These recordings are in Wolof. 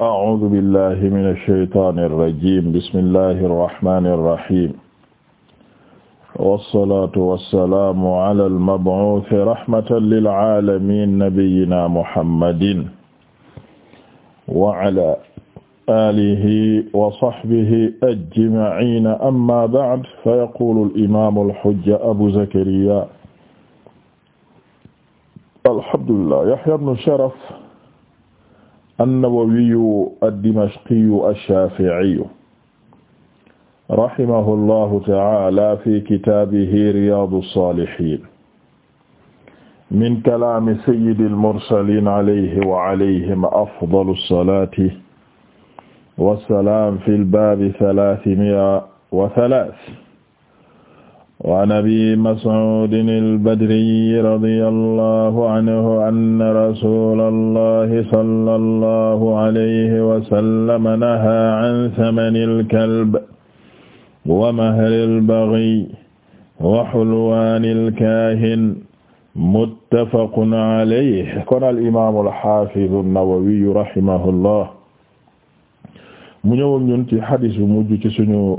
أعوذ بالله من الشيطان الرجيم بسم الله الرحمن الرحيم والصلاة والسلام على المبعوث رحمة للعالمين نبينا محمد وعلى آله وصحبه أجمعين أما بعد فيقول الإمام الحج أبو زكريا الحمد لله يحيى بن شرف an-Nawawiyu ad-Dimashqiyu ash-Shafi'iyu rahimahullahu ta'ala fi kitaabihi Riyaadu s-Saalihiin min kalaami sayyidil mursaliin alayhi wa alayhim afdalu s-salaati wa s-salaam fil baabi salaasimi'a wa salaas waan abi mas'uudin al-badriyyi radiyallahu anhu anna rasuulallahi sallallahu alayhi wa sallam nahaa an samanil kalb wa mahril baghiy wa hulwaanil kaahin muttafaqun alayhi kon al-imaamul haafizu an-nawawiyyu rahimahullah mu ñëwoon ñun ci hadiis bu mujj ci suñu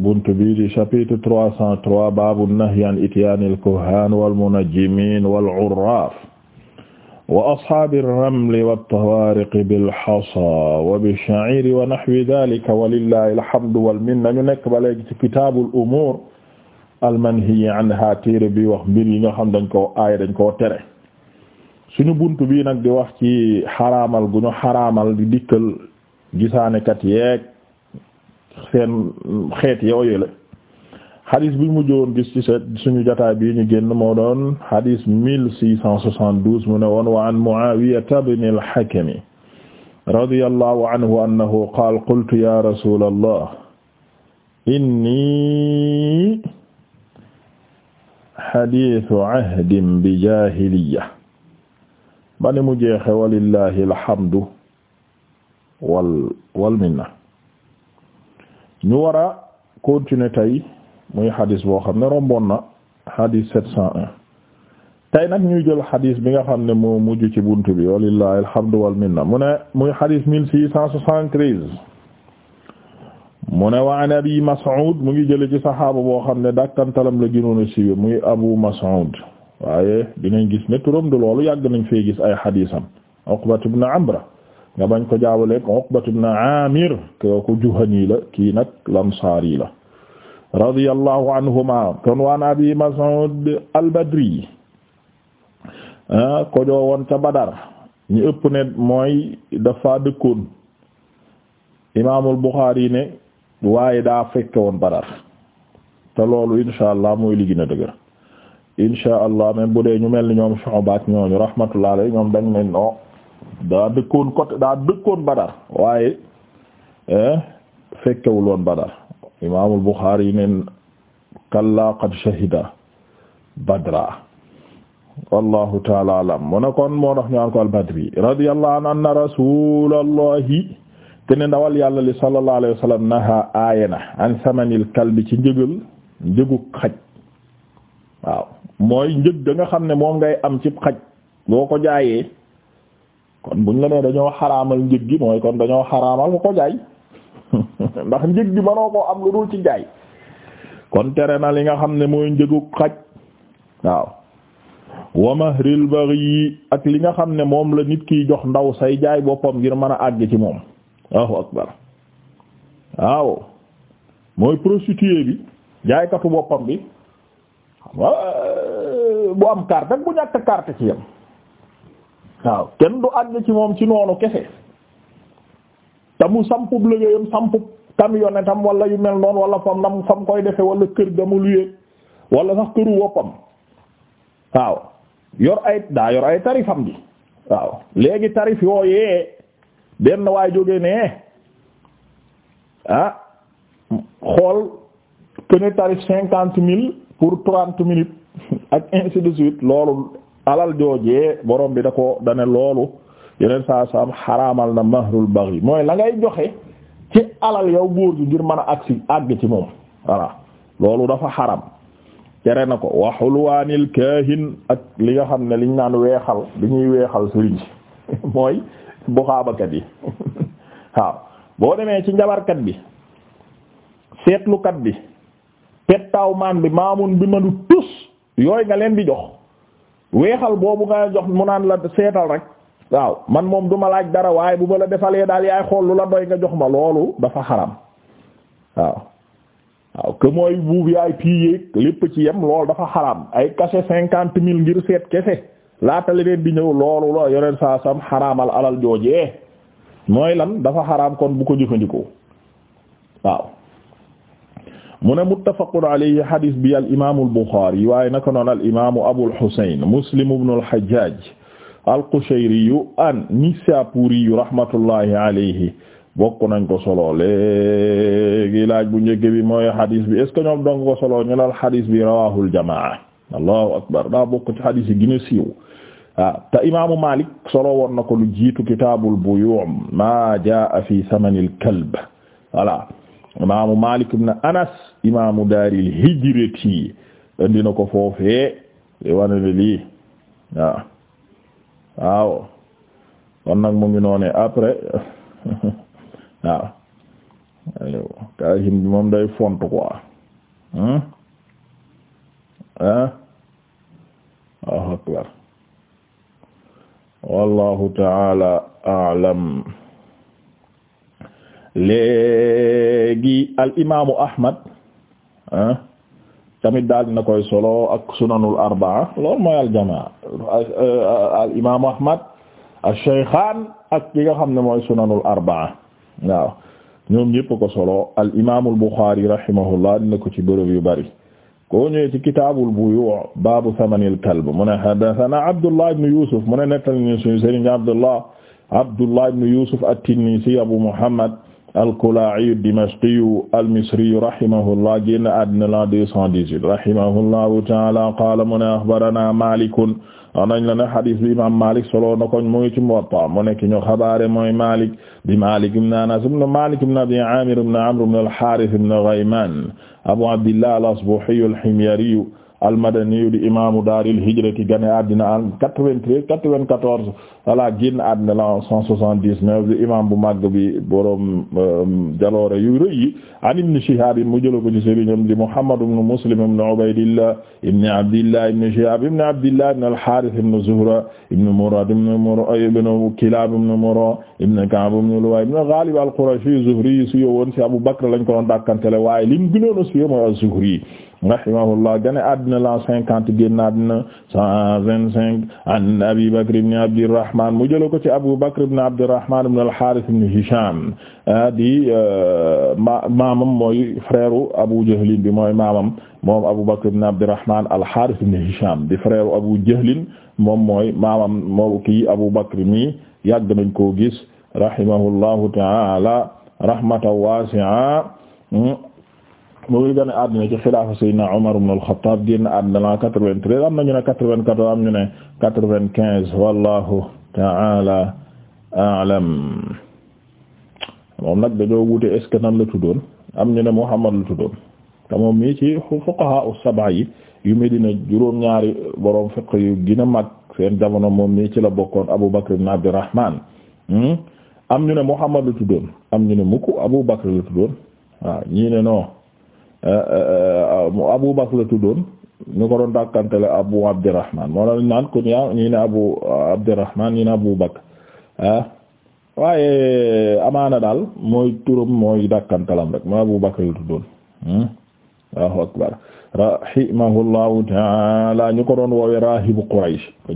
bunt bii di chapitre 303 baabu nahyi an ityaanil kuhaan wal munajjimiin wal urraaf wa asxaabi ramli wattawaariqi bil hasaa wa bish-sha'iiri wa nahwi dhaalika walillaahi alhamdu wal minna ñu nekk ba léegi ci kitaabul umuur al manhiyyi anhaa téere bi wax mbir yi nga xam dañ ko aaya dañ koo tere suñu buntu bii nag wax ci xaraamal gu ñu xaraamal di dikkal gisaanekat yeeg seen xeet yooyu la xadis bi mu jowoon gis ci suñu jotaay bi ñu génn moo doon xadis mille six cent soixante-douze mu ne woon wa an Muawiya ibn anhu annahu qaala qultu ya rasulallah inni xadiisu ahdin bi jaahiliya bani mu alhamdu wal wal minna ñu war a continuer tey muy xadis boo xam ne romboon na xadis sept tey nag ñuy jël xadiis bi nga xam ne moo mujj ci bunt bi walillahi alhamdu wal minna mu ne muy xadis mille six cent soixante-treize mu ne wa an abi Mas'ud mu ngi jële ci saxaaba boo xam ne dakkantalam la gënoon a siiwe muy Abu Mas'ud waaye dinañ gis ne turam du loolu yàgg nañ fee gis ay xadisam Uqbat ibn Amra nga bañ ko jaawaleeg Uqbat ibn Amir kooku Juhani la kii nag Ansaari la radiyallahu anhuma kon waan Abi Mas'ud al-Badri ah, ko joowoon ca Badar ñi ëpp ne mooy dafa dëkkoon Imaamul Buxaari ne waaye daa fekke woon Badar te loolu insha allah mooy li dëgër insha allah même bu dee ñu mel ni ñoom Shu'ba ak ñooñu rahmatullah alayhi ñoom dañ ne non daa dëkkoon côté daa dëkkoon Badar waaye eh, fekkewul woon Badar imaamul Buxaari yi neen kalla qad shahida badra wallahu taala alam mu ne kon moo tax ñu naan ko albadri radiyallahu anhu anna te ne ndawal yàlla li sallallahu alayhi wa sallam naha an samanil kalbi ci njëgal njëgu xaj waaw mooy njëg da xam ne moom ngay am ci xaj boo ko jaayee kon buñ la nee dañoo xaraamal njëg gi mooy kon dañoo xaraamal ko ko jaay ndax njëg gi manoo koo am lu dul ci jaay kon tere na li nga xam ne mooy njëgu xaj waaw wa mahril baghi ak li nga xam ne moom la nit kiy jox ndaw say jaay boppam ngir mën a àgg ci moom waaw akbar waaw mooy prostituée bi jaaykatu boppam bi bu am carte bu ñàkk carte ci yam waaw kenn du àgg ci moom ci noonu kese te mu sampub liggéeyam sampub camionnetam walla yu mel noonu wala fam nam fam koy defe wala kër ga mu luyee wala sax këru woppam waaw yor ay daa yor ay tarifam bi waaw léegi tarif yooyee benn waay jóge ne ah xool que tarif cinquante mille pour trente minutes ak ainsi de suite loolu alal joojee borom bi da ko dane loolu yeneen saa saam xaramal na mahrul baghi mooy la ngay joxe ci alal yow góor gi ngir mën a agsi àgg ci moom voilà loolu dafa xaram tere na ko wa xulwaanil kaahin ak li nga xam ne liñ naan weexal li ñuy weexal sëriñ mooy buxaabakat yi waaw boo demee ci njabarkat bi seetlukat bi pettaaw maan bi maamun bi mënu tus yooyu nga leen di jox weexal boobu nga jox mu naan la seetal rek waaw man moom duma laaj dara waaye bu ma la defalee daal yaay xool lu la doy nga jox ma loolu dafa xaram waaw waaw que mooy bu VIP yéeg lépp ci yem loolu dafa xaram ay cachet cinquante mille ngir seet kese laata leen di ñëw loolu la yoneen xaraamal alal joojee mooy lan dafa xaraam kon bu ko jëfandikoo waaw mu ne muttafaqun alayhi hadis bi al imaamu al Buxaari waaye naka noonu al imaamu Abul Husayn Muslim ibn al Hajjaj al Qushayri an Nisapuri rahmatullahi alayhi bokk nañ ko solo léegi laaj bu njëkk bi mooy hadis bi est ce que ñoom dong ko solo ñu laal hadis bi rawaahul jamaa allahu akbar daa bokk ci hadis yi gën a siiw ah te imaamu Malik solo woon na ko lu jiitu kitaabul buyuu' maa jaa fi samanil kalb voilà imaamu Malik ibn Anas. imaamu daaril hijrati indi na ko foofee wane ne waaw waaw mu ngi noone après waaw kaahim bi moom day font quoi hein hein waaw akbar wallahu taala a'lam léegi al imaamu Ahmad tamit daal dina koy solo ak sunanul arbaa loolu mooy al jamaa euh, al imaamu ahmad al shaykhaan ak li nga xam ne mooy sunanul arbaa waaw ñoom ñépp ko solo al imaamul buxaari rahimahullah dina ko ci bërëb yu bari koo ñëwee ci kitaabul buyuu' baabu samanil kalb mu ne haddathana abdullah ibn yusuf mu ne nettal ñu suñu sëriñ abdullah abdullah ibn yusuf at-tinnisi abu muhammad al-Kalaa'i ad-Dimashqi al-Misri rahimahullah génn àddina la 218 rahimahullahu ta'ala qaala mu ne axbaranaa Maalik anañ la ne xadis bi imam Malik solo na ko mu ngi ci Muwatta mu nekk ñu xabaare mooy Malik bi Malik ibn Anas ibn Malik ibn Abi Amir ibn Amr ibn al-Harith ibn Ghayman Abu Abdillah al-Asbahi al-Himyari al-Madani di imaamu daaril hijrati gane àddina 93 94 voilà génn àddina la cent soixante-dix-neuf bi imam bu màgg bi borom euh, jaloore yu rëy yi an ibn Shihab mu jëlo ko ci sëriñam di Muhammad ibn Muslim ibn Ubaydillah ibn Abdillah ibn Shihab ibn Abdillah ibn al-Harith ibn Zuhra ibn Murad ibn Murra ibn Kilab ibn Murra ibn Ka'b ibn Luway ibn Ghalib al-Qurashi Zuhri su yowoon ci Abu Bakr lañ ko doon dàkkantele waaye lim gënoon a suyo mooy Zuhri rahimahullah gane àddina la cinquante génn àddina cent vingt-cinq an Abi Bakr ibn Abdirrahman Abdirahman mu jëlee ko ci Abu Bakr ibn Abdirahman ibn al-Harith ibn Hisham ah, di ah, ma maamam mooy frère Abu Jahl bi mooy maamam moom Abu Bakr ibn Abdirahman al-Harith ibn Hisham di frère Abu Jahl moom mooy maamam moo kii Abu Bakr mi yàgg nañ koo gis rahimahullahu ta'ala rahmatan wasi'a mu ngi gën a àddina ci xilaafa Seydina Umar ibn al-Khattab génn àddina la 93 am na ñu ne 94 am ñu ne 95 wallahu ta'ala a'lam moom nag dañoo wute est ce que nan la tuddoon am ñu ne Muhammad la tuddoon te moom mii ci fuqaha as-sab'a yi yu Medina juróom-ñaari borom fiqh yu gën a mag seen jamono moom mii ci la bokkoon Abu Bakr ibn Abdurrahman hmm? am ñu ne Muhammad la tuddoon am ñu ne mukk Abu Bakr la tuddoon waaw ñii ne non eh, eh, eh, Abu Bakr la tuddoon. ñu ko doon dàkkantele Abu Abdurrahman moo la naan kunya ñi ne Abu Abdurrahman ñi ne Abu Bakr ah. waaye amaana daal mooy turam mooy dàkkantalam rek mooy Abu Bakr yu tuddoon hmm. Allahu akbar rahimahullahu taala ñu ko doon woowe rahibu Quraysh ko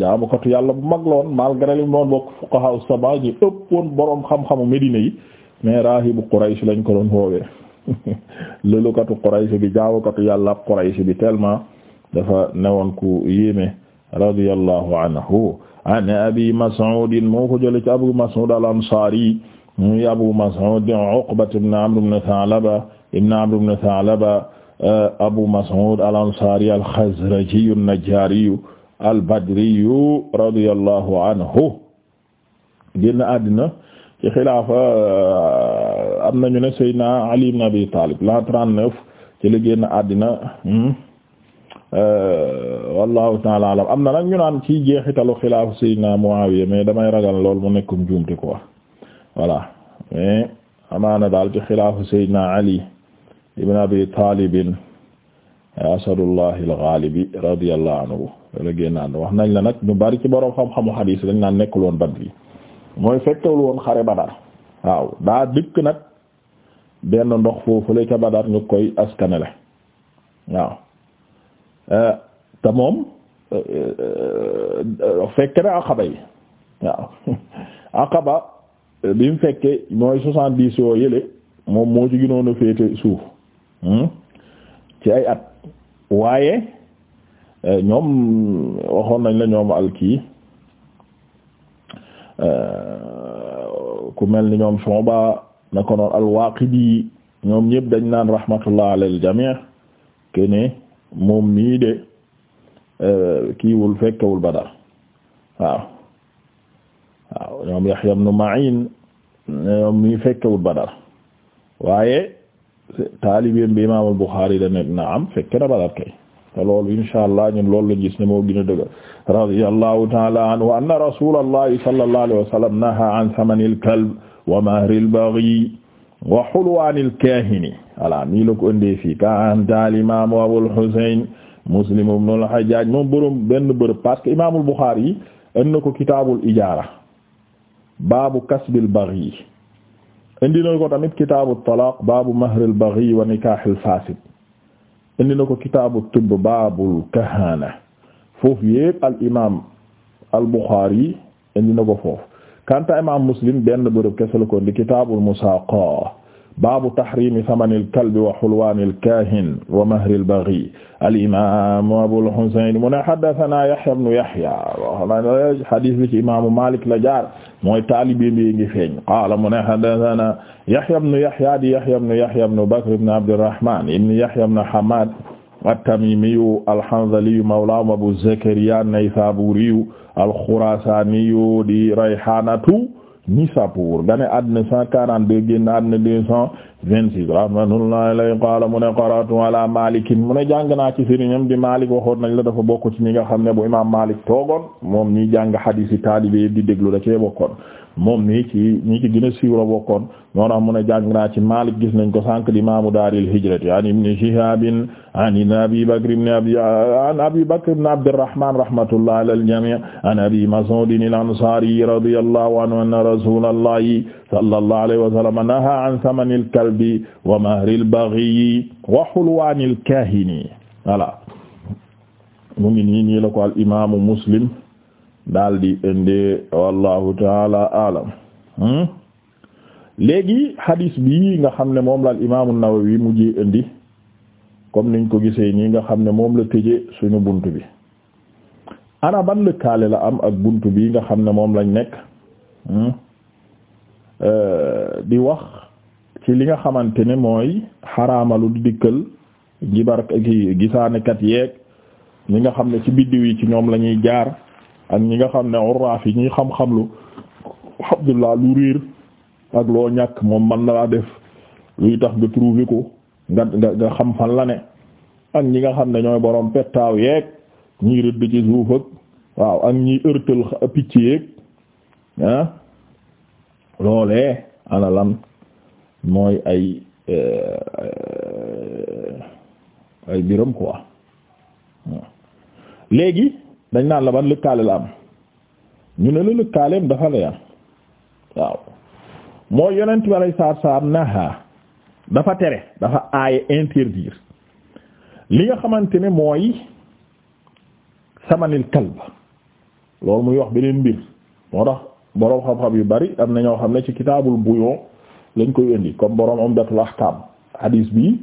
yàlla bu mag la woon malgré lim doon bokk fuqaha saba ñi ëppoon boroom xam-xamu Médina yi mais rahibu Quraysh lañ ko doon woowe lëlukatu Quraysh bi jaamukatu yàlla Quraysh bi tellement dafa newoon ku yéeme radiyallahu anhu an abi mas'ud moo ko jële ci abu mas'ud al-ansari muy abu mas'ud uqba ibn amr ibn thalaba ibn amr ibn thalaba eh, abu mas'ud al-ansari al-khazraji an-najjari al-badri radiyallahu anhu génn àddina ci xilaafa eh, am nañu ne sayyidina ali ibn abi talib la 39 ci la génn àddina hmm? Euh, wallahu taala am na nag ñu naan ci jeexitalu xilaafu sayyidina Muawiya mais damay ragal lool mu nekkum juumte quoi voilà mais amaana daal ci xilaafu sayyidina Ali ibn Abi Talib asadullah al-Ghalibi radiyallahu anhu la génnaan wax nañ la nag ñu bari ci boroom xam-xamu xadiis dañ naan nekkul woon Badri mooy fekkewul woon xare Badar waaw daa dëkk nag benn ndox foofu la ca Badar ñu koy askanale waaw Euh, te moom euh, euh, fekk na Aqaba yi waaw Aqaba bi mu fekkee mooy soixante dix yoo yële moom moo ci gënoon féete suuf hmm, ci ay at waaye ñoom waxoon nañ la ñoom alkii ku mel ni ñoom Shuba na ko noon al-Waqidi ñoom ñëpp dañ naan rahmatullah alal jami' kene moom mii de euh, kiiwul fekkewul Badar waaw waaw ñoom Yahya ibn Ma'in ñoom mii fekkewul Badar waaye taalibeem bi Imaam al-Bukhari da nekk na am fekke na Badar kay te loolu insha allah ñun loolu la gis ne moo gën a dëgg radiyallahu ta'ala anhu anna rasulallahi sallallahu alayhi wa sallam naha an thamanil kalb wa mahril baghi wa hulwanil kahini voilà nii la ko ëndee fii kanta al imaamu Abul Husayn Muslim ibn al-Hajjaj moom borom benn bërëb parce que imaamul Bukhari yi ën na ko kitaabul ijaara baabu kasbil baghi indi na ko tamit kitaabu talaaq baabu mahril baghi na ko kitaabu tibb baabul kahaana foofu yépp al imaam al Bukhari indi na ko foofu kanta imaam Muslim benn bërëb kese la ko indi kitaabul musaaqaa baabu tahrimi samanil kalbi wa hulwaanil kaahin wa mahril baghi al-imaam Abul Husayn mu ne haddasanaa Yahyaa ibnu Yahyaa hadiis bi ci imaamu Maalik la jaar mooy taalibe bi ngi feeñ qaala mu ne haddasanaa Yahyaa ibnu Yahyaa di Yahyaa ibnu Yahyaa ibnu Bakr ibnu Abdirrahmaan ibnu Yahyaa ibnu Hammaad at-Tamiimiyu al-Hanzaliyu mawlaahum Abuu Zakariyaa an-Naysaabuuriyu al-Khuraasaaniyu di Rayhaanatu Nisapur gane àddina 142 génn àddina 226 rahmatullahi alayhi qaala mu ne qara'tu ala Maalik mu ne jàng naa ci sëriñam di Maalik waxoon nañ la dafa bokk ci ñi nga xam ne bu imaam Maalik toogoon moom ñi jàng hadiis yi taalibe di déglu da cee bokkoon moom nii ci ñi ci gën a siiw la bokkoon ñoo tax mu ne jàng naa ci Maalik gis nañ ko sànq di imaamu daaril hijrati an ibni Shihaabin an Abi Bakr ibn abi an Abi Bakr ibn Abdirrahmaan rahmatullah ala al-jamii' an Abi Mas'uud al-Ansaari radiyallahu anhu anna rasuulallahi sallallahu alayhi wa sallam nahaa an samanil kalbi wa mahril baghiyyi wa hulwaanil kaahini voilà mu ngi nii nii la ko al imaamu Muslim daal di indi wallahu taala alam hmm? léegi hadis bi nga xam ne moom la al imaamu Nawawi mujjee indi comme niñ ko gisee nii nga xam ne moom la tëje suñu bunt bi ana ban lëkkaale la am ak bunt bi nga xam ne moom lañ nekk hmm? euh, di wax ci li nga xamante ne mooy xaraamalu di dikkal gibar ki gisaanekat yeeg ñi nga xam ne ci biddiw yi ci ñoom lañuy jaar ak ñi nga xam ne urraaf yi ñuy xam-xam lu alhamdulillah lu riir ak loo ñàkk moom man na laa def luy tax nga trouver ko nga nga nga xam fan la ne ak ñi nga xam ne ñooy borom pettaaw yeeg ñiy rëdd ci suuf waaw ak ñii ërtal picc yeeg ah loolee mooy ay eh, eh, ay biram quoi léegi dañ naan la ban lëkkaale la am ñu ne la lëkkaaleem dafa leer waaw mooy yonent bi alay saar saar naha dafa tere dafa aaye interdire li nga xamante ne mooy samanil kalb loolu muy wax beneen mbir moo tax boroom xam-xam yu bari am na ñoo xam ne ci kitaabul buyo lañ koy indi comme boroom umdatul ahkam hadis bi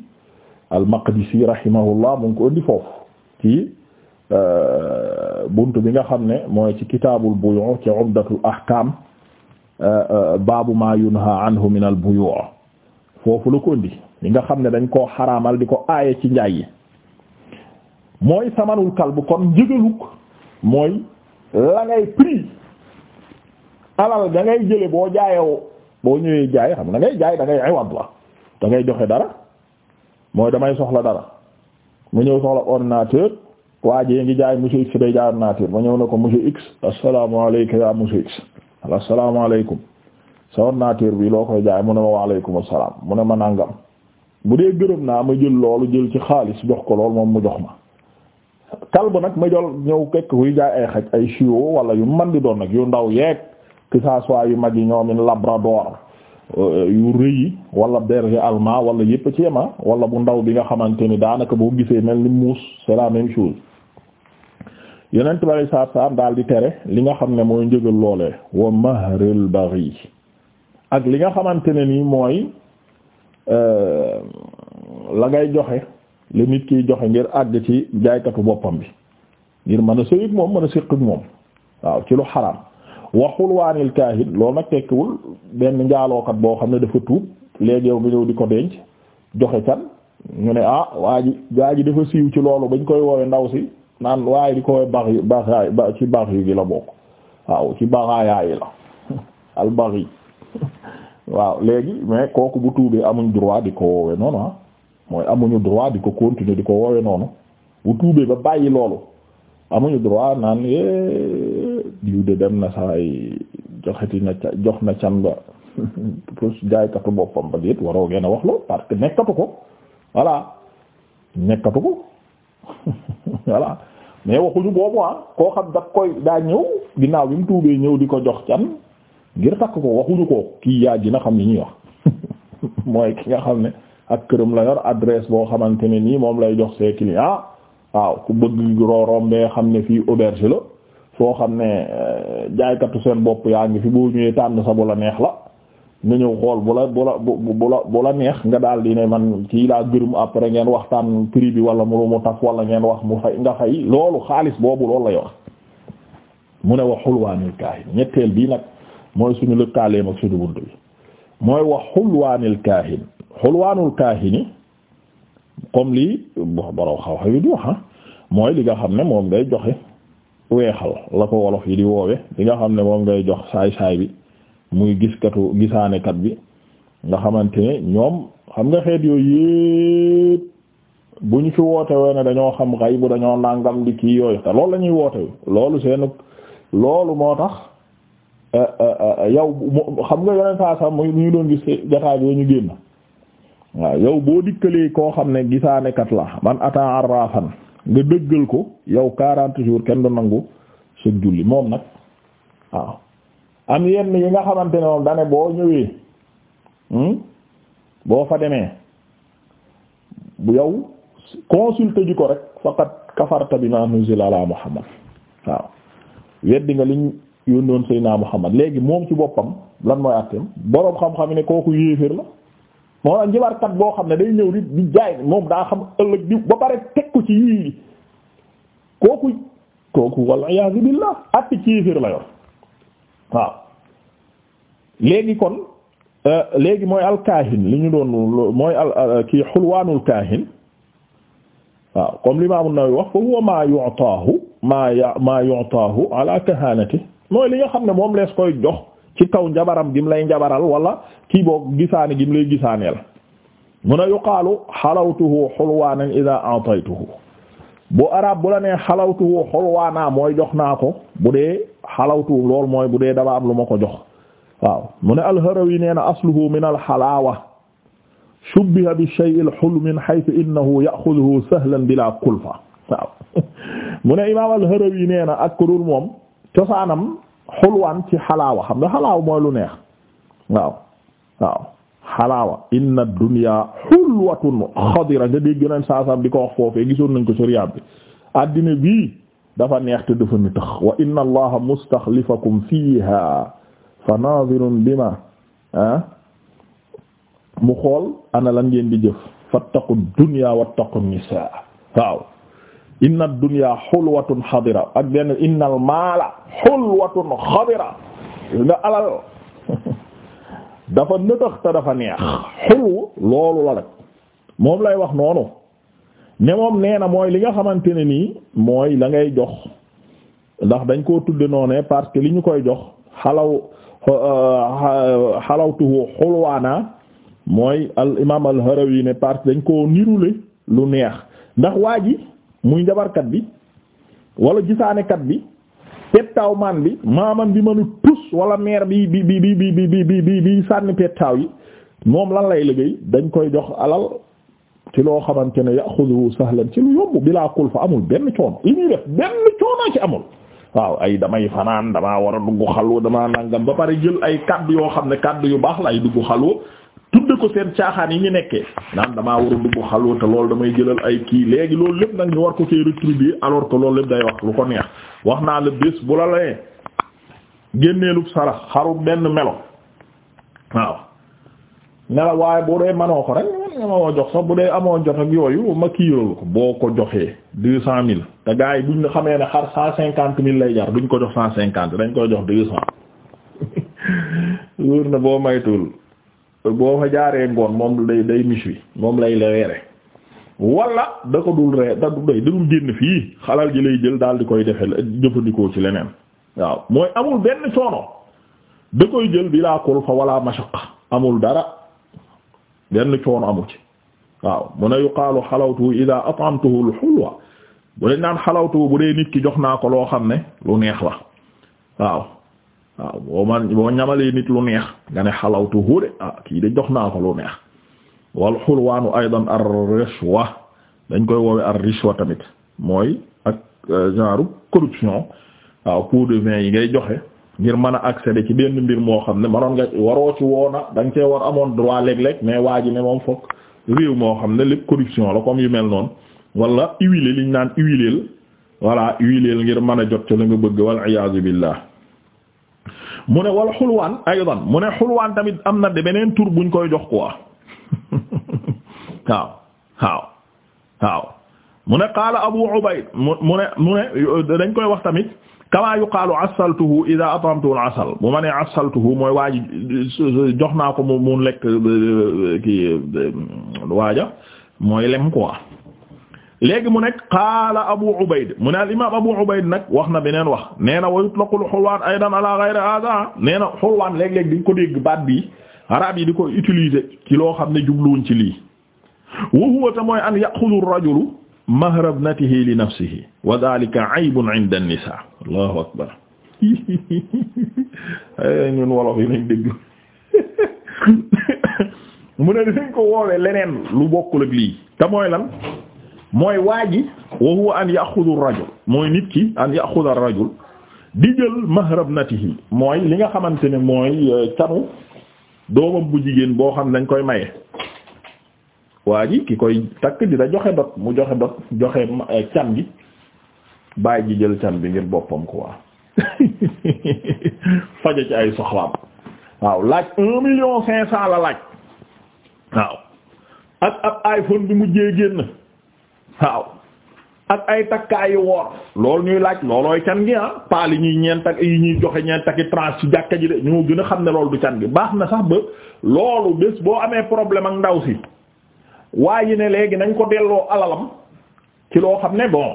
al maqdisi rahimahullah mu ngi ko indi foofu ci euh, bunt bi nga xam ne mooy ci kitaabul buyu' ci umdatul ahkaam euh, euh, baabu ma yunha anhu min al buyu' foofu la ko indi li nga xam ne dañ koo xaraamal di ko aaye ci njaay yi mooy samanul kalb kon njëgaluk mooy la ngay prix alal da jële boo jaayew boo ñëwee jaay xam da ngay jaay da ngay iwad la da joxe dara mooy damay soxla dara mu ñëw soxla ordinateur waajee ngi jaay monsieur X day jaay naatiir ma ñëw na ko monsieur X asalaamaaleykum yaa monsieur X asalaamaaleykum sa ordinateur bi loo koy jaay mu ne ma waaleykum asalaam mu ne ma nangam bu dee gërëm naa ma jël loolu jël ci xaalis jox ko lool moom mu jox ma. kalb nag ma jol ñëw kekk kuy jaay ay xaj ay chiot wala yu man di doon nag yu ndaw yeeg que ça soit yu mag yi ñoomin labrador euh, yu rëy wala berger allemand wala yëpp ci ma ah, wala bu ndaw bi nga xamante ni daanaka boo gisee mel ni muus c'est yeneen yonent bi saa saam daal di tere li nga xam ne mooy njëgal loolee wa mahril baghi ak li nga xamante ne nii mooy euh, la ngay joxe li nit kiy joxe ngir àgg ci jaaykatu boppam bi ngir mën a sëyit moom mën a séq moom waaw ci lu xaraam waxul waanil kaahin loolu nag tekkiwul benn njaalookat boo xam ne dafa tuub léegi yow bi ñëw di ko denc joxe kan ñu ne ah waa ji waa ji dafa siiw ci loolu bañ koy woowe ndaw si naan waaye di ko bax yu bax ci bax yu gi la bokk waaw ci baxaayaayi la al bax yi waaw léegi mais kooku bu tuubee amuñ droit di ko woowe noonu ah. mooy amuñu droit di ko continuer di ko woowe noonu bu tuubee ba bàyyi loolu amuñu droit naan é diw de dem na saay jox na can ba pour jaaykatu boppam ba déet waroo gën wax loolu parce que nekkatu ko voilà nekkatu ko voilà mais waxuñu boobu ah koo xam da koy daa ñëw ginnaaw bi mu tuubee ñëw di ko jox can ngir takk ko waxuñu ko kii yaa na xam ni ñuy wax mooy ki nga xam ne ak këram la yor adresse boo xamante ne nii moom lay jox ses clients ah, waaw ku bëgg rooroom bee xam ne fii auberge la foo xam ne euh, jaaykatu seen bopp yaa ngi fi boo ñëwee tànn sa bu la neex la nga ñëw xool bu la bu la bu la bu la neex nga daal di ne man kii laa gërëm après ngeen waxtaan prix bi wala mu mu taf wala ngeen wax mu fay nga fay loolu xaalis boobu loolu lay wax mu ne wax xulwaanil kaahin ñetteel bii nag mooy suñu lëkkaaleem ak suñu bunt wax xulwaanil kaahin xulwaanul kaahini comme lii boroom xaw-xaw yi di wax ah mooy li nga xam ne moom ngay joxe weexal la ko wolof yi di woowe li nga xam ne moom ngay jox saay saay bi muy giskatu gisaanekat bi nga xamante ne ñoom xam nga xeet yooyu yëpp bu ñu fi woote woo ne dañoo xam xay bu dañoo nangam di kii yooyu te loolu lañuy ñuy woote loolu seen loolu moo tax eh, eh, eh, yow xam nga yeneen saa sax muy ñu doon gis jataay bi génn waaw yow boo dikkalee koo xam ne gisaanekat la man ata arrafan nga dëggal ko yow quarante jours kenn du nangu sa julli moom nag waaw am yenn yi nga xamante ne moom dane boo ñëwee hmm? boo fa demee bu yow consulté ji ko rek faqat kafarta bi ma nuzila ala muhammad waaw weddi nga liñ yónnoon sayna muhammad léegi moom ci boppam lan mooy àtteem boroom xam-xam yi ne kooku yéeféer la moo la njibarkat boo xam ne day ñëw di bi jaay moom daa xam ëllëg bi ba pare teg ko ci yii kooku kooku wal iyaazu billah ci yéeféer la yor waaw léegi kon euh, léegi mooy alkaahin li ñu doon mooy al kii xulwaanul kaahin waaw comme l'imam an-Nawawi wax fa huwa maa yu'taahu maa ya maa mooy li nga xam ne moom lees koy jox ci kaw njabaram gim lay njabaral wala kii boog gisaane gim lay gisaaneel mun a yuqaalu xalawtu xulwaanan ida ataytuhu bu arab bu la nee xalawtuhu xulwaanaa mooy jox naa ko bu dee xalawtu lool mooy bu dee dama am lu ma ko jox waaw mu ne al-Harawi nee na asluhu min al-halaawa shubbiha bi shay'il hulm min haythu innahu ya'khudhuhu sahlan bila kulfa waaw mu ne imaam al-Harawi nee na ak kurul moom cosaanam xulwaan ci xalaawa xam nga xalaawa mooy lu neex waaw waaw xalaawa inna dunya xulwatun xadira nga dégg nañ saasam di ko wax foofee gisoon nañ ko ci Riyaad bi addina bii dafa neex te dafa ni tax wa inna allaha mustaxlifakum fiha fa nadirun bima ah mu xool ana lan ngeen di jëf fattaqu dunya wattaqu nisaa waaw inna dunya xulwatun xadira ak benn innal maala xulwatun xadira nga alal dafa nëtëx te dafa neex xulw loolu la rek moom lay wax noonu ne moom nee na mooy li nga xamante ne nii mooy la ngay jox ndax dañ koo tudde noone parce que li ñu koy jox xalaw Euh, xalawtuhu xulwaana mooy al imaam al Harawi ne parce dañ koo nirule lu neex ndax waa ji muy njabarkat bi wala gisaanekat bi pettaaw maan bi maaman bi mënu tus wala meer bi bi bi bi bi bi bi bi sànni pettaaw yi moom lan lay liggéey dañ koy jox alal ci loo xamante ne yaxuduhu sahlan ci lu yomb bilaa kulfa amul benn coono li ñuy def benn coono ci amul waaw ay damay fanaan damaa war a duggu xal xalwa damaa nangam ba pare jël ay kaddu yoo xam ne kaddu yu baax la ay dugg xalwa tudde ko seen caaxaan yi ñu nekkee naan damaa war a dugg xalwa te loolu damay jëlal ay kii léegi loolu lépp nag ñu war ko see rétribuer alors que loolu lépp day wax lu ko neex wax naa la bés bu la layee génneelub sarax xaru benn melo waaw ne la waaye boo dee manoo ko rek man nga ma woo jox sax bu dee amoo jot ak yooyu ma kii ko boo ko joxee deux cent mille te gars yi buñ xamee ne xar cent cinquante mille lay jar duñ ko jox cent cinquante dañ koy jox deux cent wóor na boo maytul boo fa jaaree ngoon moom day day mis wi moom lay leweere wala da ko dul ree da dul génn fii xalal ji lay jël daal di koy defe jëfandikoo ci leneen waaw mooy amul benn coono da koy jël bi laa kul fa wala amul dara benn coono amu ci waaw mun a yuqaalu xalawtu ida atamtuhu al bu dañ naan xalawtu bu dee nit ki jox naa ko loo xam ne lu neex la waaw waaw boo man boo ñamalee nit lu neex nga ne xalawtu hu de ah kii de jox naa ko lu neex wal xulwaanu aydan ar rishwa dañ koy woowe ar rishwa tamit mooy ak euh, genre corruption waaw pot de vin yi ngay joxe ngir mën a accéder ci benn mbir moo xam ne manoon nga waroo ci woona da nga cee war amoon droit léeg-léeg mais waa ji ne moom fokk réew moo xam ne lépp corruption la comme yu mel noonu walla huiler liñ naan huiler voilà huiler ngir mën a jot ci la bëgg wal iyaazu billah mu ne wal xulwaan aydan mu ne xulwaan tamit am na de beneen tur buñ koy jox quoi waaw waaw waaw mu ne qaala abu ubayd mu ne mu ne dañ koy wax tamit kamaa yuqaalu asaltuhu ida atamtu al asal bu ma asaltuhu mooy waaji jox naa ko mu mun lekk ki waaja mooy lem quoi léegi mu nekk qaala abu ubayd mu ne al imaam abu ubayd nag wax na beneen wax nee na wa yutlaqul xulwaan aydan ala ghayri hada nee na xulwaan léeg-léeg dañ ko dégg baat bi raab yi di ko utilise ci loo xam ne jubluwuñ ci lii wa huwa ta mooy an yaxudu rajulu mahra ibnatihi li nafsihi wa dhalika aybun inda an-nisa allahu akbar ñun wolof yi lañ dégg mu ne dañ ko woowe leneen lu bokkul ak lii lan mooy waa ji wa an yaxudu rajul mooy nit ki an yaxuda rajul di jël mahrab natihi mooy li nga xamante ne mooy canu euh, doomam bu jigéen boo xam dañ koy maye waa ji ki koy takk di da joxe dot mu joxe dot joxe euh, can gi bàyyi ji jël can bi ngir boppam ko waa faja ci ay soxlaam waaw laaj un million cinq cent la laaj waaw ak ab iPhone bi mujjee génn waaw ak ay takkaayu woor loolu ñuy laaj loolooy can gi ah paal yi ñuy ñeent ak yi ñuy joxe ñeent ak i tranche ci jàkka ji de ñoo gën a xam ne loolu du can gi baax na sax ba loolu bés boo amee problème ak ndaw si waaye ne léegi nañ ko delloo alalam ci loo xam ne bon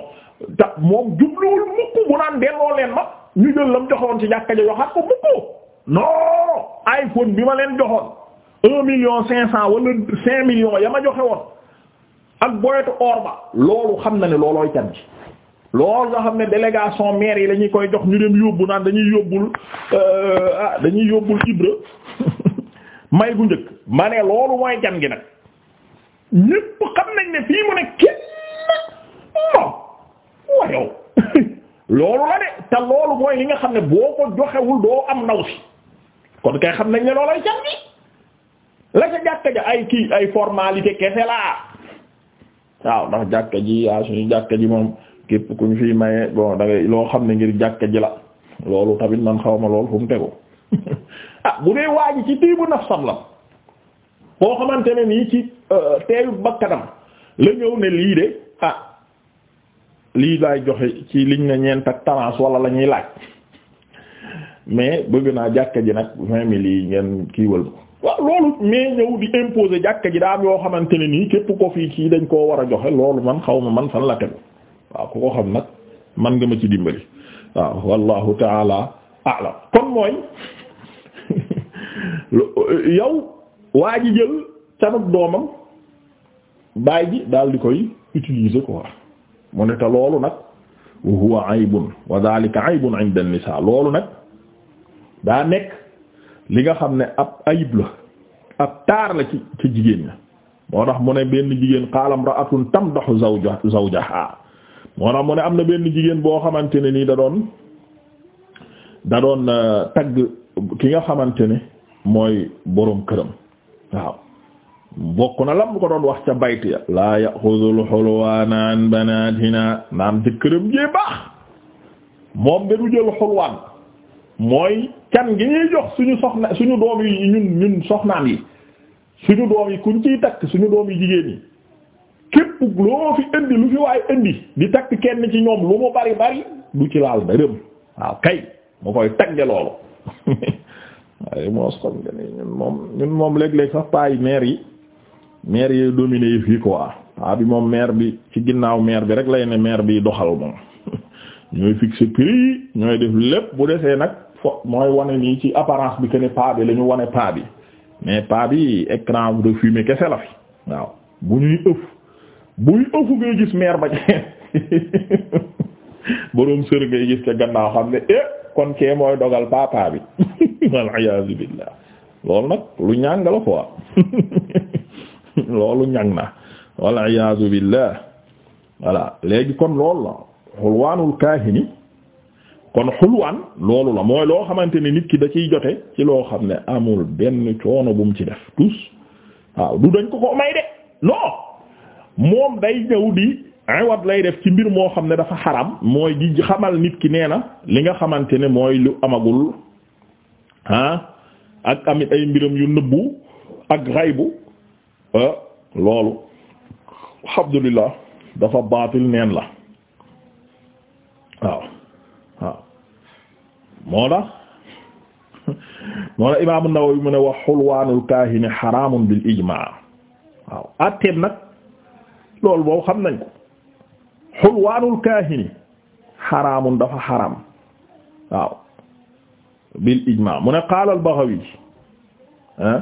ta moom jubluwul mukk bu naan delloo leen ma ñu jël lam joxoon ci jàkka ji waxaat ko mukk non iPhone bi ma leen joxoon un million cinq cent wala cinq millions ya ma joxe woon ak boyetu or ba loolu xam na ne loolooy can ci loolu nga xam ne délégation maire yi la koy jox ñu dem yóbbu naan dañuy yóbbul euh, ah dañuy yóbbul Ibra may bu njëkk ma ne loolu mooy can gi nag ñépp xam nañ ne fii mu ne kenn moom nga xam ne boo ko joxewul am naw si kon kay xam nañ ne loolooy can gi la ca jàkka ja ay kii ay formalité kese laa waaw ndax jàkka ji yaa ah, suñu jàkka ji moom képp ku ñu fi maye bon da loo xam ne ngir jàkka ji la loolu tamit man xaw ma lool fu mu tegu ah bu dee waa ci tiibu nafsam la boo xamante ne nii ci euh, teeyu bakkanam la ñëw ne lii de ah lii laay joxe ci liñ ne ñeent ak tanaas wala la ñuy laaj mais bëgg naa jàkka ji nag vingt yi ngeen kiiwal ma waaw loolu mais ñëw di imposer jàkka ji daa am xamante ne nii képp ko fii kii dañ koo war a joxe loolu man xaw ma man fan la tegu waaw ku ko xam nag man nga ma ci dimbali waaw wallahu taala a'lam kon mooy waa ji jël canub doomam baay ji daal di koy utiliser quoi mu ne te loolu nag wa huwa aybun wa dhalika aybun 'inda an-nisa loolu nag daa nekk li nga xam ne ab ayib la ab taar la ci ci jigéen ña moo tax mu ne benn jigéen xaalam tam tamdahu zawja zawjaha moo tax mu ne am na benn jigéen boo xamante ne nii da doon da doon euh, tagg ki nga xamante ne mooy boroom këram waaw bokk na lam ko doon wax ca bayt ya laa yaxudul xulwaana an banatina naam jëkkëram jee baax moom de du jël xulwaan mooy can gi ñuy jox suñu soxna suñu doom yi ñun ñun soxnaam yi suñu doom yi kuñ ciy takk suñu doom yi jigéen yi képp loo fi indi lu fi waay indi di takk kenn ci ñoom lu mu bari bari du ci laal dërëm waaw kay mu koy tagge loolu waaye moos moom moom léeg-léeg sax payi maire yi maire yi dominé yi fii quoi paa bi moom maire bi ci ginnaaw meer bi rek lay ne maire bi doxal moom ñooy fixer prix ñooy def lépp bu desee nag fo mooy wane nii ci apparence bi que ne paa bi la ñu wane paa bi mais paa bi écran de fumée kese la fi waaw bu ñuy ëf buy ëfu ngay gis meer ba cee boroom sër ngay gis ca gannaaw xam ne eh kon kee mooy dogal papa bi waliyasu billah loolu nag lu ñàng la quoi loolu ñàng na waliyasu billah voilà léegi kon loolu la xulwaanul kaahini kon xulwaan loolu la mooy loo xamante ne nit ki da ciy jote ci loo xam ne amul benn coono bu mu ci def tous waaw du dañ ko ko may de non moom day ñëw di iwat lay def ci mbir moo xam ne dafa xaram mooy di xamal nit ki nee na li nga xamante ne mooy lu amagul ah ak amit ay mbiram yu nëbbu ak xaybu ah, loolu alhamdulillah dafa baatil neen la waaw waaw moo tax moo tax imaam An-Nawawi mu ne wax xulwaanul kaahini xaraamun bil ijmaa waaw atteem nag loolu boobu xam nañ ko xulwaanul kaahini xaraamun dafa xaraam waaw bil ijmaa mu ne qaala al-Baghawi ah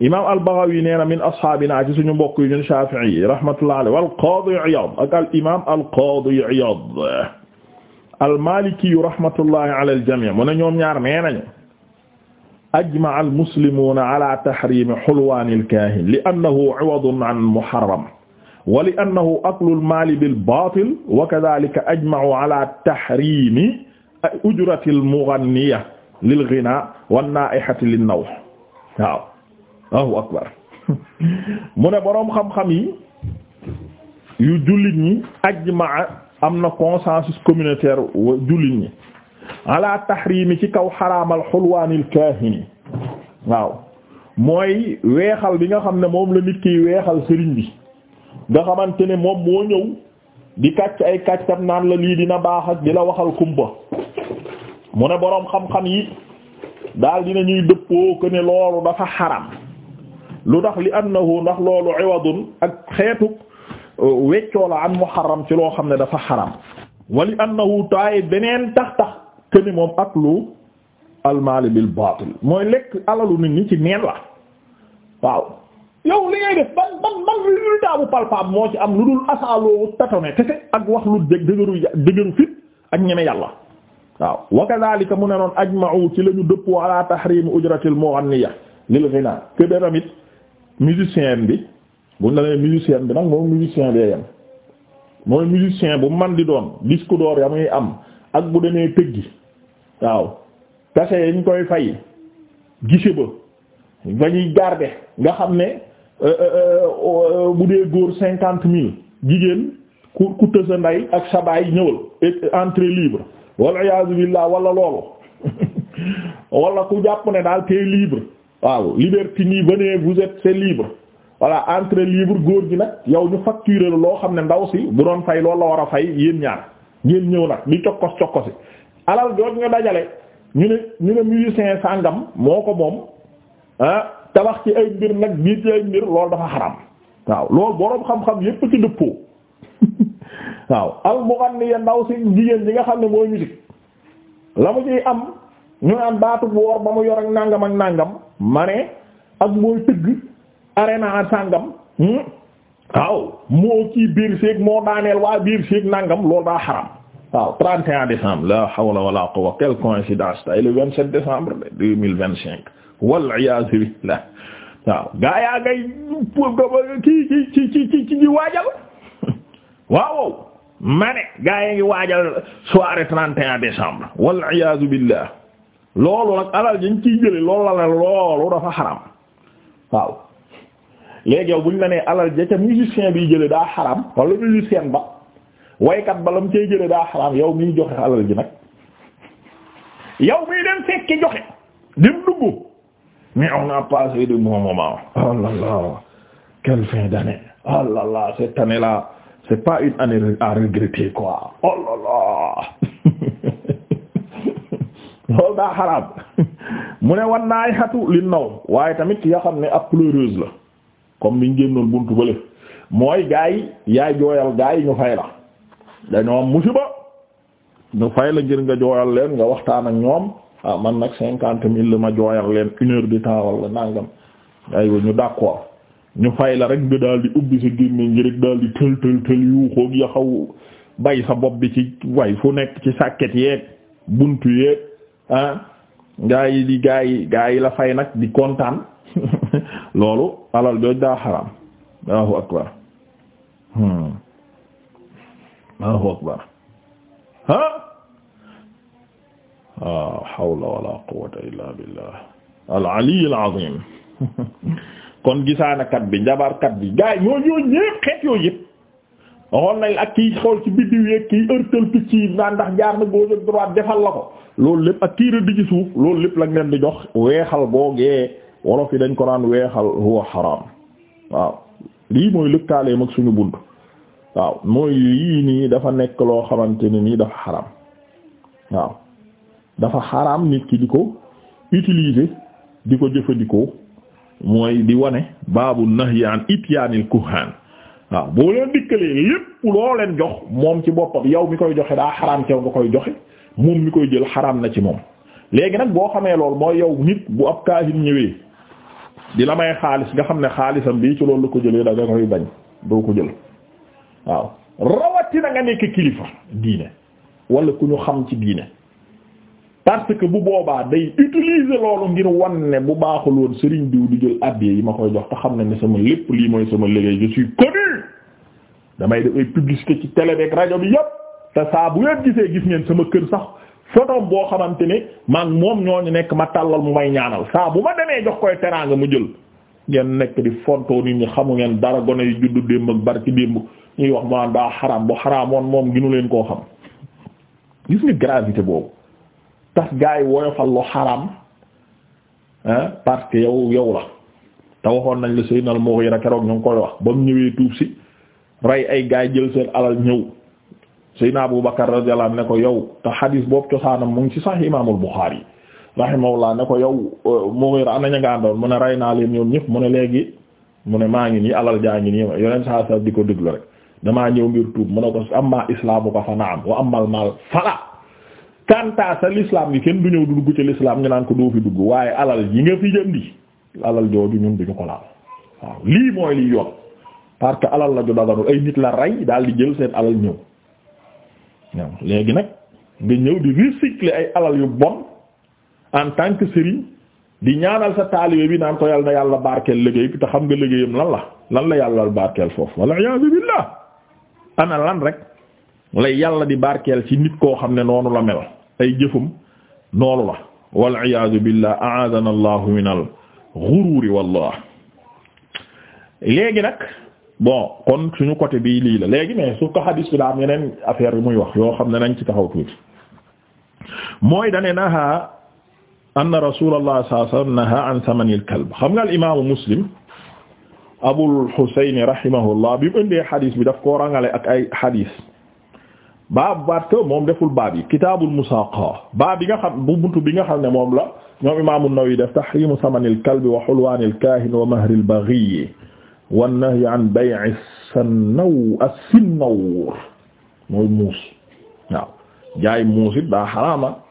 imaam al-Baghawi nee na min ashaabinaa ci suñu mbokk yi ñun Shaafi'i yi rahmatullahi alayhi wal qaadi Iyaad ak al imaam al qaadi Iyaad almalikiyu rahmatullahi ala aljami mu ne ñoom ñaar nee nañu ajmaa almuslimuuna ala tahrimi xulwaani alkaahin li annahu iwadun an muharram wa li annahu aklu almaali bilbatil wa kadalika ajmacu ala tahrimi ujrati almuganniya lilgina wannaihati linnawh waaw Allahu akbar mu ne boroom xam-xam yi yu jullit ñi ajmaa am na consensus communautaire jullit ñi ala tahrimi ci kaw xaraamal xulwaanil kaahini waaw mooy weexal bi nga xam ne moom la nit kiy weexal sëriñ bi nga xamante ne moom moo ñëw di kàcc ay kàccat naan la lii dina baax ak di waxal kumpa mu ne boroom xam-xam yi daal dina ñuy dëppoo ko ne loolu dafa xaram lu tax li annahu ndax loolu iwadun ak xeetu weccoo la mu xaram ci loo xam ne dafa xaram wali annahu taay beneen tax tax këni moom aklu almaali bil baatil mooy lekk alalu nit ñi ci neen la waaw yow li ngay def ban ban ban résultat bu palpable moo ci am lu dul asaaloo tatone kese ak wax lu dëgg dëgëru dëgëru fit ak ñeme yàlla waaw wa kadhalika mu ne noon ajma'u ci la ñu dëppoo ala tahrim ujratil mughanniya lil ghina que tamit musicien bi buñ la nee musicien bi nag moom musicien bee yem mooy musicien bu man di doon disque d'or ya muy am ak bu demee tëggi waaw kase yañ koy fay gise ba nga ñuy garder nga xam ne euh, euh, euh, bu dee góor cinquante mille jigéen ku ku tësa nday ak sa baay ñëwal entrée libre walla iyaazu billaah wala loolu wala ku jàpp ne daal tey libre waaw liberté nii venez vous êtes c'est libre voilà entrée libre góor gi nag yow ñu facturer la loo xam ne ndaw si bu doon fay loolu la war a fay yéen ñaar ngeen ñëw nag di cokkos cokkosi alal jooju nga dajale ñu ne ñu ne musicien sàngam moo ko moom ah tabax ci ay mbir nag bii ci ay mbir lool dafa xaram waaw loolu boroom xam-xam yépp ci dëppoo waaw al muganni ya ndaw si jigéen ñi nga xam ne mooy musique la mu ciy am ñu am baatu woor ba mu yor ak nàngam ak nàngam ma ne ak mooy tëgg arena na sàngam hmm? waaw moo kii biir séeg moo daaneel waa biir séeg nangam loolu daa xaram waaw décembre la hawla wala quwwata quelle coïncidence tay le 27 décembre 2025 wal iyaazu billah waaw gaa yaa ngay kii ci ci waajal waaw ma ne gaa ngi waajal soirée 31 décembre wal iyaazu billah loolu nag alal dañ ciy jële loolu la loolu dafa xaram waaw léegi yow buñ la nee alal ja ca musicien bi jële daa xaram wala musicien ba waykat ba lam cay jële daa xaram yow miy joxe alal ji nag yow miy dem fekki joxe dem dugg mais on a passé de bon moment oh fin d'année oh là là cette c'est pas une année regretter quoi oh là daa xaraam mu ne wan naay xatu li naw waaye tamit yoo xam ne ab pleureuse la comme niñ génnoon buntu bële mooy gaa yi yaay jooyal gaa yi ñu fay la dañoo am musiba ñu fay la ngir nga jooyal leen nga waxtaan ak ñoom ah man nag cinquante mille la ma jooyal leen une heure de temps wala nangam aywa ñu d'accord ñu fay la rek nga daal di ubbi sa gémmiñ ngi rek daal tël tël tël yuuxóog yaxaw bay sa bopp bi ci way fu nekk ci sàkket yeeg bunt yeeg ah gaa yi di yi la fay nag di kontaan loolu alal jooj daa xaraam Allahu akbar hmm. Allahu akbar wala quwwata illa billah al ali al azim kon gisaanakat bi njabarkat bi gaay yooyu yooyu ñépp xeet yooyu yépp waxoon nañ ak kiy xool ci biddiw yeeg kiy ërtal picc yi naan ndax jaar na gauche ak droite defal la ko loolu lépp ak kii rëdd ci suuf loolu lépp lañ di jox weexal boogee wolof yi dañ ko daan weexal huwa xaraam waaw lii mooy lëkkaaleem ak suñu bunt waaw mooy yii nii dafa nekk loo xamante ne nii dafa xaraam waaw dafa xaraam nit ki di ko utiliser di ko jëfandikoo mooy di wane baabu nahyi an ityaanil kuhaan waaw boo leen dikkalee lépp loo jox moom ci boppam yaw mi koy joxe daa xaraam teew nga koy joxe moom mi koy jël xaraam na ci moom léegi nag boo xamee lool mooy yow nit bu ab kaahin ñëwee dina la may xaalis nga xam ne xaalisam bii ci loolu ko jëlee da nga koy bañ doo ko jël waaw rawatina nga nekk kilifa diine wala ku ñu xam ci diine parce bu boobaa day utiliser loolu ngir wan bu baaxul woon Serigne diw di jël addiya yi ma koy jox te xam ne ne sama lépp lii mooy sama liggéey je suis connu damay def ay publicité ci télé beeg rajo bi yëpp te saabu bu gisee gis ngeen sama kër sax. fotoom boo xamante ni man moom ñoo ñu nekk ma tàllal mu may ñaanal saa bu ma demee jox koy teraanga mu jël ngeen nekk di fontoo nit ñi xamu ngeen dara gone yu juddu démb ak barki démb ñuy wax mu naan daa xaram bu xaraamoon moom ginu leen koo xam gis nga gravité boobu tax gaa yi woyofal lu xaram parce que yow yow la te waxoon nañ la Seydina al-Mughira keroog ñu ngi koy wax ba mu ñëwee tuub si rey ay gaa yi jël seen alal ñëw Seydina Abu Bakar radiyallahu anhu ne ko yow te xadis boobu cosaanam mu ngi ci Sahih Imaamul Buxaari rahimahullah ne ko yow uh, Mughira ana ña nga àndoon mu ne rey naa leen ñoom ñëpp mu ne léegi mu ne maa ngi nii alal jaa ngi nii yeneen saa di ko déglu rek damaa ñëw ngir tuub mu ne ko amma islaamu ko fa naam wa amal maal fala kanta sa lislaam gi kenn du ñëw du dugg ci l'islam ñu naan ko doo fi dugg waaye alal yi nga fi jëndi alal jooju ñun duñu ko laal waaw lii mooy li yoon parce que alal la ju daganul ay nit la rey daal di jël seen alal ñëw waaw léegi nag nga ñëw di recycler ay alal yu bon en tant que sëriñ di ñaanal sa taalibe bi naan ko yàlla na yàlla barkeel liggéey bi te xam nga liggéeyam lan la lan la yàlla barkeel foofu walla iyaazu billaah ana lan rek lay yàlla di barkeel ci nit koo xam ne noonu la mel ay jëfum noonu la walla iyaazu billaah a'aadana allahu min al ghururi wallah léegi nag bon kon suñu côté bii lii la léegi mais su ko xadis bi la yeneen affaire yu muy wax yoo xam ne nañ ci taxaw tuuti mooy dane naha anna rasulullah sallallahu alayhi wasallam naha an samanil kalb xam nga al imaamu muslim abul husayn rahimahullah bi mu indee bi daf koo rangale ak ay xadis baab baat que moom deful baab yi kitaabul musaaqa baab bi nga xam bu buntu bi nga xam ne moom la ñoom imaamu Nawawi def tahrimu samanil kalb wa hulwanil kaahin wa mahril baghi wan nahyi an bay'i sannaw as-sinnawr mooy muus waaw jaay muus it daa xaraama